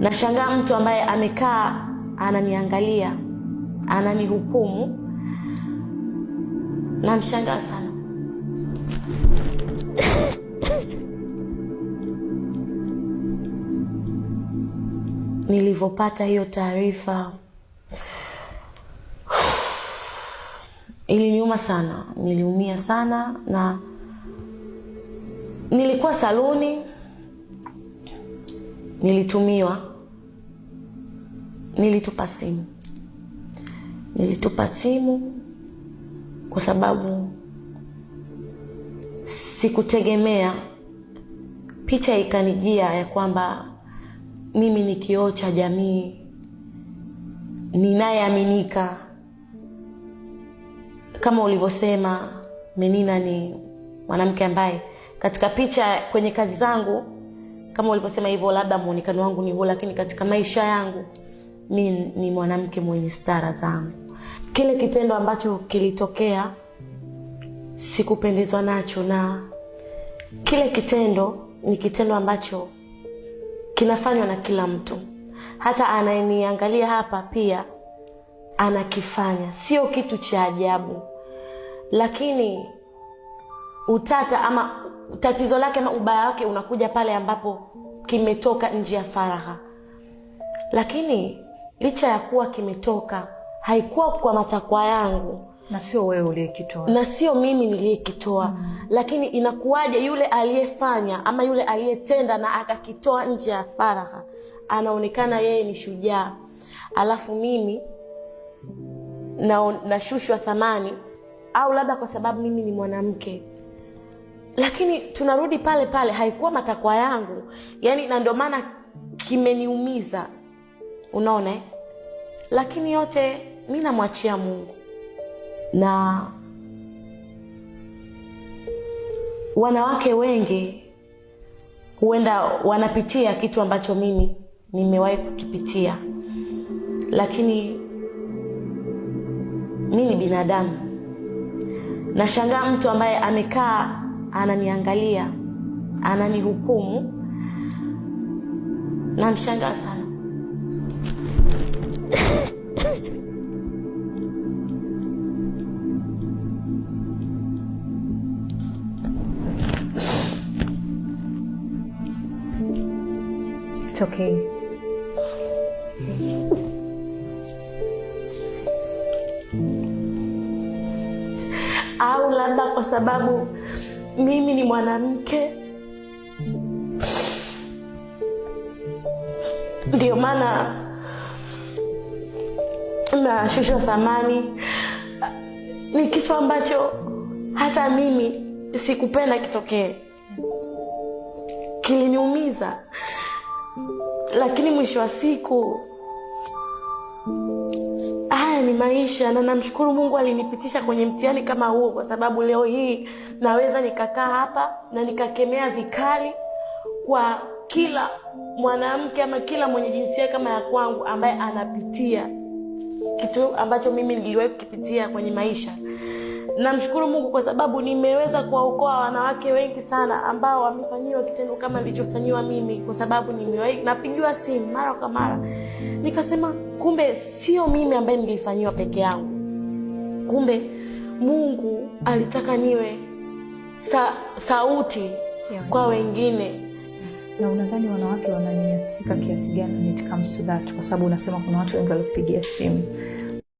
Nashangaa mtu ambaye amekaa ananiangalia, ananihukumu, namshangaa sana nilivyopata hiyo taarifa iliniuma sana, niliumia sana, na nilikuwa saluni, nilitumiwa nilitupa simu, nilitupa simu kwa sababu sikutegemea picha ikanijia ya kwamba mimi ni kioo cha jamii, ninayeaminika. Kama ulivyosema, Menina ni mwanamke ambaye katika picha, kwenye kazi zangu, kama ulivyosema hivyo, labda muonekano wangu ni huo, lakini katika maisha yangu mi ni mwanamke mwenye stara zangu. Kile kitendo ambacho kilitokea sikupendezwa nacho, na kile kitendo ni kitendo ambacho kinafanywa na kila mtu, hata anayeniangalia hapa pia anakifanya, sio kitu cha ajabu. Lakini utata ama tatizo lake ama ubaya wake unakuja pale ambapo kimetoka nje ya faragha, lakini licha ya kuwa kimetoka, haikuwa kwa matakwa yangu na sio wewe uliyekitoa na sio mimi niliyekitoa. mm. Lakini inakuwaje yule aliyefanya ama yule aliyetenda na akakitoa nje ya faragha anaonekana yeye ni shujaa, alafu mimi nashushwa na thamani, au labda kwa sababu mimi ni mwanamke. Lakini tunarudi pale pale, haikuwa matakwa yangu yani, na ndio maana kimeniumiza unaona eh? Lakini yote mi namwachia Mungu na wanawake wengi huenda wanapitia kitu ambacho mimi nimewahi kukipitia, lakini mi ni binadamu. Nashangaa mtu ambaye amekaa ananiangalia, ananihukumu, namshangaa sana. It's okay. Au labda kwa sababu mimi ni mwanamke ndio maana nashushwa thamani, ni kitu ambacho hata mimi sikupenda kitokee, kiliniumiza, lakini mwisho wa siku haya ni maisha, na namshukuru Mungu alinipitisha kwenye mtihani kama huo, kwa sababu leo hii naweza nikakaa hapa na nikakemea vikali kwa kila mwanamke ama kila mwenye jinsia kama ya kwangu ambaye anapitia kitu ambacho mimi niliwahi kukipitia kwenye maisha. Namshukuru Mungu kwa sababu nimeweza kuwaokoa wanawake wengi sana ambao wamefanyiwa kitendo kama nilichofanyiwa mimi, kwa sababu nimewahi napigiwa simu mara kwa mara, nikasema kumbe sio mimi ambaye nilifanyiwa peke yangu, kumbe Mungu alitaka niwe sa, sauti kwa wengine na unadhani wanawake wananyanyasika kiasi gani when it comes to that? Kwa sababu unasema kuna watu wengi walikupigia simu